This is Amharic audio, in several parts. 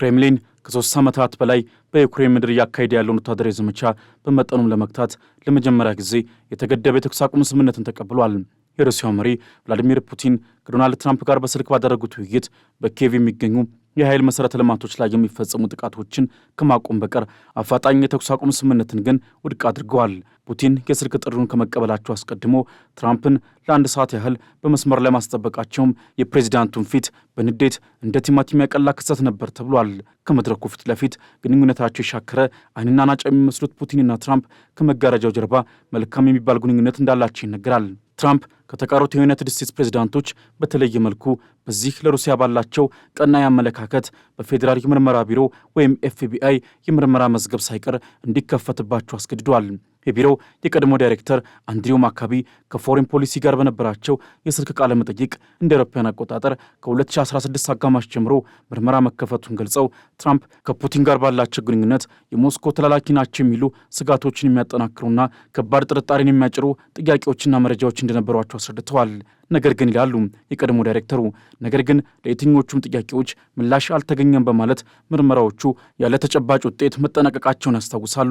ክሬምሊን ከሶስት ዓመታት በላይ በዩክሬን ምድር እያካሄደ ያለውን ወታደራዊ ዘመቻ በመጠኑም ለመግታት ለመጀመሪያ ጊዜ የተገደበ የተኩስ አቁም ስምምነትን ተቀብሏል። የሩሲያው መሪ ቭላዲሚር ፑቲን ከዶናልድ ትራምፕ ጋር በስልክ ባደረጉት ውይይት በኪየቭ የሚገኙ የኃይል መሠረተ ልማቶች ላይ የሚፈጸሙ ጥቃቶችን ከማቆም በቀር አፋጣኝ የተኩስ አቁም ስምምነትን ግን ውድቅ አድርገዋል። ፑቲን የስልክ ጥሪውን ከመቀበላቸው አስቀድሞ ትራምፕን ለአንድ ሰዓት ያህል በመስመር ላይ ማስጠበቃቸውም የፕሬዚዳንቱን ፊት በንዴት እንደ ቲማቲም ያቀላ ክስተት ነበር ተብሏል። ከመድረኩ ፊት ለፊት ግንኙነታቸው የሻከረ አይንና ናጫ የሚመስሉት ፑቲንና ትራምፕ ከመጋረጃው ጀርባ መልካም የሚባል ግንኙነት እንዳላቸው ይነገራል። ትራምፕ ከተቀሩት የዩናይትድ ስቴትስ ፕሬዚዳንቶች በተለየ መልኩ በዚህ ለሩሲያ ባላቸው ቀና አመለካከት በፌዴራል የምርመራ ቢሮ ወይም ኤፍቢአይ የምርመራ መዝገብ ሳይቀር እንዲከፈትባቸው አስገድደዋል። የቢሮው የቀድሞ ዳይሬክተር አንድሪው ማካቢ ከፎሬን ፖሊሲ ጋር በነበራቸው የስልክ ቃለ መጠይቅ እንደ አውሮፓውያን አቆጣጠር ከ2016 አጋማሽ ጀምሮ ምርመራ መከፈቱን ገልጸው ትራምፕ ከፑቲን ጋር ባላቸው ግንኙነት የሞስኮ ተላላኪ ናቸው የሚሉ ስጋቶችን የሚያጠናክሩና ከባድ ጥርጣሬን የሚያጭሩ ጥያቄዎችና መረጃዎች እንደነበሯቸው አስረድተዋል። ነገር ግን ይላሉ የቀድሞ ዳይሬክተሩ፣ ነገር ግን ለየትኞቹም ጥያቄዎች ምላሽ አልተገኘም በማለት ምርመራዎቹ ያለ ተጨባጭ ውጤት መጠናቀቃቸውን ያስታውሳሉ።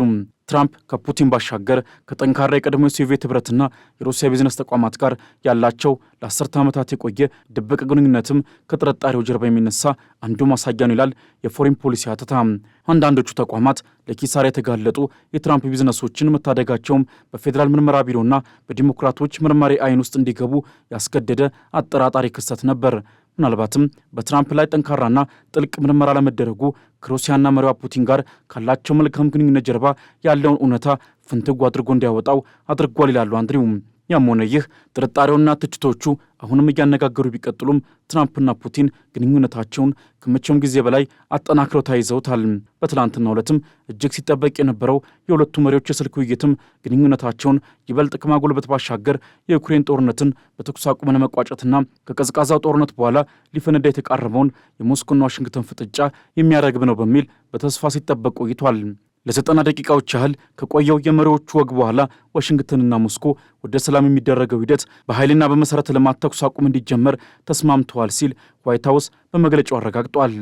ትራምፕ ከፑቲን ባሻገር ከጠንካራ የቀድሞ የሶቪየት ህብረትና የሩሲያ ቢዝነስ ተቋማት ጋር ያላቸው ለአስርተ ዓመታት የቆየ ድብቅ ግንኙነትም ከጥርጣሬው ጀርባ የሚነሳ አንዱ ማሳያ ነው ይላል የፎሪን ፖሊሲ አተታ። አንዳንዶቹ ተቋማት ለኪሳራ የተጋለጡ የትራምፕ ቢዝነሶችን መታደጋቸውም በፌዴራል ምርመራ ቢሮና በዲሞክራቶች መርማሪ አይን ውስጥ እንዲገቡ ያስገደደ አጠራጣሪ ክስተት ነበር። ምናልባትም በትራምፕ ላይ ጠንካራና ጥልቅ ምርመራ ለመደረጉ ከሩሲያና መሪዋ ፑቲን ጋር ካላቸው መልካም ግንኙነት ጀርባ ያለውን እውነታ ፍንትጉ አድርጎ እንዲያወጣው አድርጓል ይላሉ አንድሪው። ያም ሆነ ይህ ጥርጣሬውና ትችቶቹ አሁንም እያነጋገሩ ቢቀጥሉም ትራምፕና ፑቲን ግንኙነታቸውን ከመቼውም ጊዜ በላይ አጠናክረው ተያይዘውታል። በትላንትና ዕለትም እጅግ ሲጠበቅ የነበረው የሁለቱ መሪዎች የስልክ ውይይትም ግንኙነታቸውን ይበልጥ ከማጎልበት ባሻገር የዩክሬን ጦርነትን በተኩስ አቁም ለመቋጨትና ከቀዝቃዛው ጦርነት በኋላ ሊፈነዳ የተቃረበውን የሞስኮና ዋሽንግተን ፍጥጫ የሚያረግብ ነው በሚል በተስፋ ሲጠበቅ ቆይቷል። ለዘጠና ደቂቃዎች ያህል ከቆየው የመሪዎቹ ወግ በኋላ ዋሽንግተንና ሞስኮ ወደ ሰላም የሚደረገው ሂደት በኃይልና በመሠረተ ልማት ተኩስ አቁም እንዲጀመር ተስማምተዋል ሲል ዋይት ሀውስ በመግለጫው አረጋግጧል።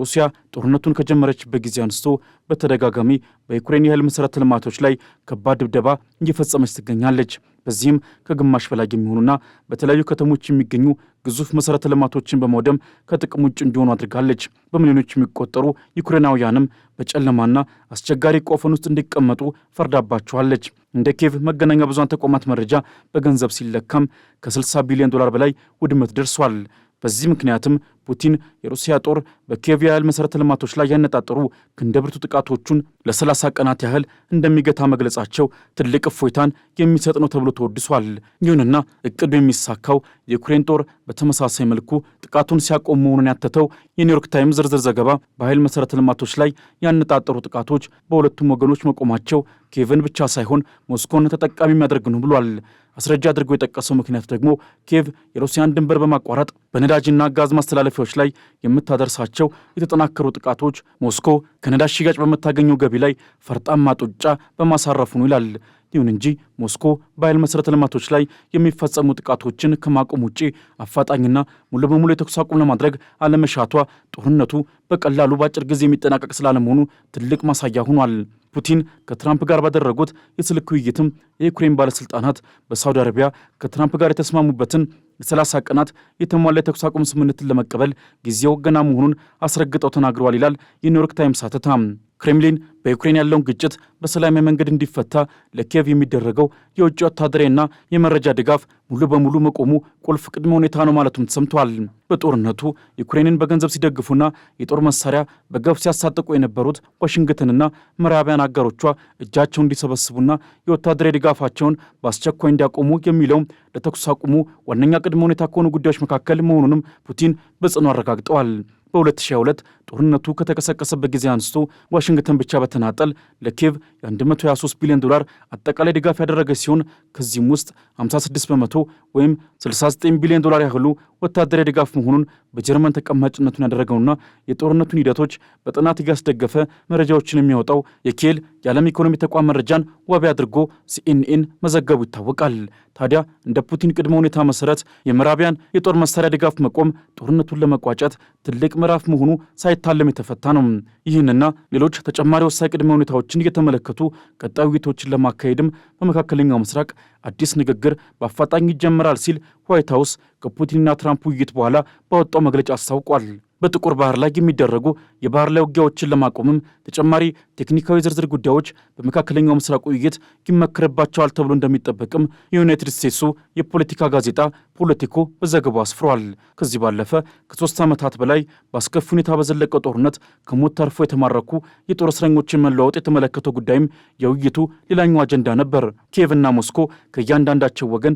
ሩሲያ ጦርነቱን ከጀመረችበት ጊዜ አንስቶ በተደጋጋሚ በዩክሬን የኃይል መሠረተ ልማቶች ላይ ከባድ ድብደባ እየፈጸመች ትገኛለች። በዚህም ከግማሽ በላይ የሚሆኑና በተለያዩ ከተሞች የሚገኙ ግዙፍ መሠረተ ልማቶችን በመውደም ከጥቅም ውጭ እንዲሆኑ አድርጋለች። በሚሊዮኖች የሚቆጠሩ ዩክሬናውያንም በጨለማና አስቸጋሪ ቆፈን ውስጥ እንዲቀመጡ ፈርዳባቸዋለች። እንደ ኬቭ መገናኛ ብዙሃን ተቋማት መረጃ በገንዘብ ሲለካም ከ60 ቢሊዮን ዶላር በላይ ውድመት ደርሷል። በዚህ ምክንያትም ፑቲን የሩሲያ ጦር በኪየቭ የኃይል መሠረተ ልማቶች ላይ ያነጣጠሩ ክንደብርቱ ጥቃቶቹን ለ30 ቀናት ያህል እንደሚገታ መግለጻቸው ትልቅ እፎይታን የሚሰጥ ነው ተብሎ ተወድሷል። ይሁንና እቅዱ የሚሳካው የዩክሬን ጦር በተመሳሳይ መልኩ ጥቃቱን ሲያቆም መሆኑን ያተተው የኒውዮርክ ታይምስ ዝርዝር ዘገባ በኃይል መሠረተ ልማቶች ላይ ያነጣጠሩ ጥቃቶች በሁለቱም ወገኖች መቆማቸው ኪየቭን ብቻ ሳይሆን ሞስኮን ተጠቃሚ የሚያደርግ ነው ብሏል። አስረጃ አድርጎ የጠቀሰው ምክንያት ደግሞ ኪየቭ የሩሲያን ድንበር በማቋረጥ በነዳጅና ጋዝ ማስተላለፍ ተሳታፊዎች ላይ የምታደርሳቸው የተጠናከሩ ጥቃቶች ሞስኮ ከነዳጅ ሽያጭ በምታገኘው ገቢ ላይ ፈርጣማ ጡጫ በማሳረፉ ነው ይላል። ይሁን እንጂ ሞስኮ በኃይል መሠረተ ልማቶች ላይ የሚፈጸሙ ጥቃቶችን ከማቆም ውጪ አፋጣኝና ሙሉ በሙሉ የተኩስ አቁም ለማድረግ አለመሻቷ ጦርነቱ በቀላሉ በአጭር ጊዜ የሚጠናቀቅ ስላለመሆኑ ትልቅ ማሳያ ሆኗል። ፑቲን ከትራምፕ ጋር ባደረጉት የስልክ ውይይትም የዩክሬን ባለሥልጣናት በሳውዲ አረቢያ ከትራምፕ ጋር የተስማሙበትን ለሰላሳ ቀናት የተሟላ የተኩስ አቁም ስምምነትን ለመቀበል ጊዜው ገና መሆኑን አስረግጠው ተናግረዋል ይላል የኒውዮርክ ታይምስ አተታም። ክሬምሊን በዩክሬን ያለውን ግጭት በሰላማዊ መንገድ እንዲፈታ ለኪየቭ የሚደረገው የውጭ ወታደራዊና የመረጃ ድጋፍ ሙሉ በሙሉ መቆሙ ቁልፍ ቅድመ ሁኔታ ነው ማለቱም ተሰምተዋል። በጦርነቱ ዩክሬንን በገንዘብ ሲደግፉና የጦር መሳሪያ በገብ ሲያሳጥቁ የነበሩት ዋሽንግተንና ምዕራባውያን አጋሮቿ እጃቸውን እንዲሰበስቡና የወታደራዊ ድጋፋቸውን በአስቸኳይ እንዲያቆሙ የሚለውም ለተኩስ አቁሙ ዋነኛ ቅድመ ሁኔታ ከሆኑ ጉዳዮች መካከል መሆኑንም ፑቲን በጽኑ አረጋግጠዋል። በ2022 ጦርነቱ ከተቀሰቀሰበት ጊዜ አንስቶ ዋሽንግተን ብቻ በተናጠል ለኪየቭ የ123 ቢሊዮን ዶላር አጠቃላይ ድጋፍ ያደረገች ሲሆን ከዚህም ውስጥ 56 በመቶ ወይም 69 ቢሊዮን ዶላር ያህሉ ወታደራዊ ድጋፍ መሆኑን በጀርመን ተቀማጭነቱን ያደረገውና የጦርነቱን ሂደቶች በጥናት እያስደገፈ መረጃዎችን የሚያወጣው የኬል የዓለም ኢኮኖሚ ተቋም መረጃን ዋቢ አድርጎ ሲኤንኤን መዘገቡ ይታወቃል። ታዲያ እንደ ፑቲን ቅድመ ሁኔታ መሰረት የምዕራቢያን የጦር መሳሪያ ድጋፍ መቆም ጦርነቱን ለመቋጨት ትልቅ ምዕራፍ መሆኑ ሳይታለም የተፈታ ነው። ይህንና ሌሎች ተጨማሪ ወሳኝ ቅድመ ሁኔታዎችን እየተመለከቱ ቀጣይ ውይይቶችን ለማካሄድም በመካከለኛው ምስራቅ አዲስ ንግግር በአፋጣኝ ይጀምራል ሲል ዋይት ሀውስ ከፑቲንና ትራምፕ ውይይት በኋላ ባወጣው መግለጫ አስታውቋል። በጥቁር ባህር ላይ የሚደረጉ የባህር ላይ ውጊያዎችን ለማቆምም ተጨማሪ ቴክኒካዊ ዝርዝር ጉዳዮች በመካከለኛው ምስራቅ ውይይት ይመክርባቸዋል ተብሎ እንደሚጠበቅም የዩናይትድ ስቴትሱ የፖለቲካ ጋዜጣ ፖለቲኮ በዘገባው አስፍሯል። ከዚህ ባለፈ ከሶስት ዓመታት በላይ በአስከፊ ሁኔታ በዘለቀው ጦርነት ከሞት ተርፎ የተማረኩ የጦር እስረኞችን መለዋወጥ የተመለከተው ጉዳይም የውይይቱ ሌላኛው አጀንዳ ነበር። ኪየቭና ሞስኮ ከእያንዳንዳቸው ወገን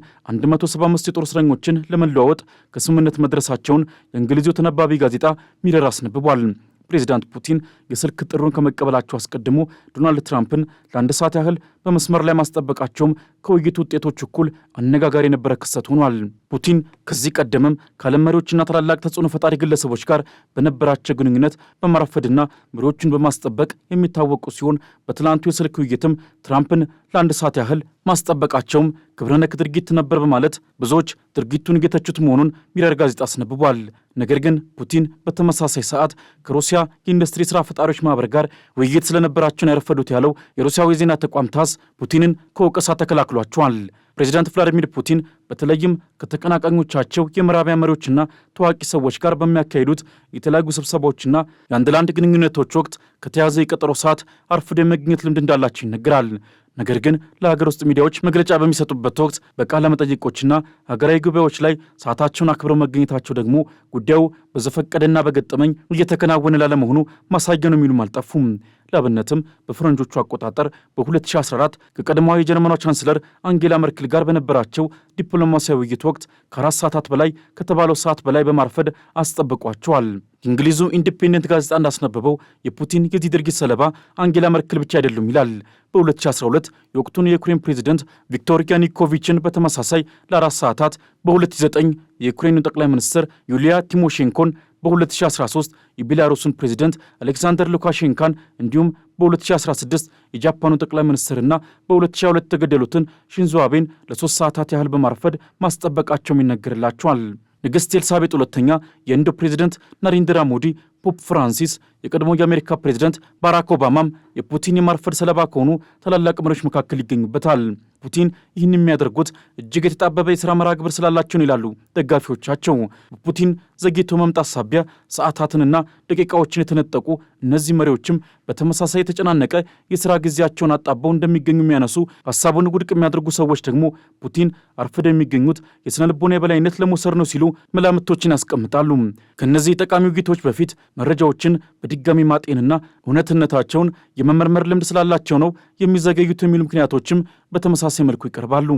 175 የጦር እስረኞችን ለመለዋወጥ ከስምምነት መድረሳቸውን የእንግሊዙ ተነባቢ ጋዜጣ ሚረር አስነብቧል። ፕሬዚዳንት ፑቲን የስልክ ጥሩን ከመቀበላቸው አስቀድሞ ዶናልድ ትራምፕን ለአንድ ሰዓት ያህል በመስመር ላይ ማስጠበቃቸውም ከውይይቱ ውጤቶች እኩል አነጋጋሪ የነበረ ክስተት ሆኗል። ፑቲን ከዚህ ቀደምም ከዓለም መሪዎችና ታላላቅ ተጽዕኖ ፈጣሪ ግለሰቦች ጋር በነበራቸው ግንኙነት በማራፈድና መሪዎቹን በማስጠበቅ የሚታወቁ ሲሆን በትላንቱ የስልክ ውይይትም ትራምፕን ለአንድ ሰዓት ያህል ማስጠበቃቸውም ነክ ድርጊት ነበር በማለት ብዙዎች ድርጊቱን እየተቹት መሆኑን ሚረር ጋዜጣ አስነብቧል። ነገር ግን ፑቲን በተመሳሳይ ሰዓት ከሩሲያ የኢንዱስትሪ ሥራ ፈጣሪዎች ማህበር ጋር ውይይት ስለነበራቸውን ያረፈዱት ያለው የሩሲያዊ ዜና ተቋም ታስ ፑቲንን ከወቀሳ ተከላክሏቸዋል። ፕሬዚዳንት ቭላዲሚር ፑቲን በተለይም ከተቀናቃኞቻቸው የምዕራቢያ መሪዎችና ታዋቂ ሰዎች ጋር በሚያካሂዱት የተለያዩ ስብሰባዎችና የአንድ ለአንድ ግንኙነቶች ወቅት ከተያዘ የቀጠሮ ሰዓት አርፍዶ የመገኘት ልምድ እንዳላቸው ይነገራል። ነገር ግን ለሀገር ውስጥ ሚዲያዎች መግለጫ በሚሰጡበት ወቅት በቃለ መጠይቆችና ሀገራዊ ጉባኤዎች ላይ ሰዓታቸውን አክብረው መገኘታቸው ደግሞ ጉዳዩ በዘፈቀደና በገጠመኝ እየተከናወነ ላለመሆኑ ማሳያ ነው የሚሉም አልጠፉም። ለአብነትም በፈረንጆቹ አቆጣጠር በ2014 ከቀድሞዋ የጀርመኗ ቻንስለር አንጌላ መርክል ጋር በነበራቸው ዲፕሎማሲያዊ ውይይት ወቅት ከአራት ሰዓታት በላይ ከተባለው ሰዓት በላይ በማርፈድ አስጠብቋቸዋል። እንግሊዙ ኢንዲፔንደንት ጋዜጣ እንዳስነበበው የፑቲን የዚህ ድርጊት ሰለባ አንጌላ መርክል ብቻ አይደሉም ይላል። በ2012 የወቅቱን የዩክሬን ፕሬዚደንት ቪክቶር ያኒኮቪችን በተመሳሳይ ለአራት ሰዓታት፣ በ2009 የዩክሬኑ ጠቅላይ ሚኒስትር ዩሊያ ቲሞሼንኮን በ2013 የቤላሩስን ፕሬዚደንት አሌክሳንደር ሉካሼንካን እንዲሁም በ2016 የጃፓኑ ጠቅላይ ሚኒስትርና በ2022 የተገደሉትን ሺንዞ አቤን ለሶስት ሰዓታት ያህል በማርፈድ ማስጠበቃቸውም ይነገርላቸዋል። ንግሥት ኤልሳቤጥ ሁለተኛ የህንዱ ፕሬዚደንት ናሪንድራ ሞዲ ፖፕ ፍራንሲስ የቀድሞ የአሜሪካ ፕሬዚደንት ባራክ ኦባማም የፑቲን የማርፈድ ሰለባ ከሆኑ ታላላቅ መሪዎች መካከል ይገኙበታል። ፑቲን ይህን የሚያደርጉት እጅግ የተጣበበ የሥራ መርሃ ግብር ስላላቸው ይላሉ ደጋፊዎቻቸው። በፑቲን ዘግይቶ መምጣት ሳቢያ ሰዓታትንና ደቂቃዎችን የተነጠቁ እነዚህ መሪዎችም በተመሳሳይ የተጨናነቀ የሥራ ጊዜያቸውን አጣበው እንደሚገኙ የሚያነሱ ሀሳቡን ውድቅ የሚያደርጉ ሰዎች ደግሞ ፑቲን አርፍደው የሚገኙት የሥነ ልቦና የበላይነት ለመውሰድ ነው ሲሉ መላምቶችን ያስቀምጣሉ። ከእነዚህ ጠቃሚ ውይይቶች በፊት መረጃዎችን በድጋሚ ማጤንና እውነትነታቸውን የመመርመር ልምድ ስላላቸው ነው የሚዘገዩት የሚሉ ምክንያቶችም በተመሳሳይ መልኩ ይቀርባሉ።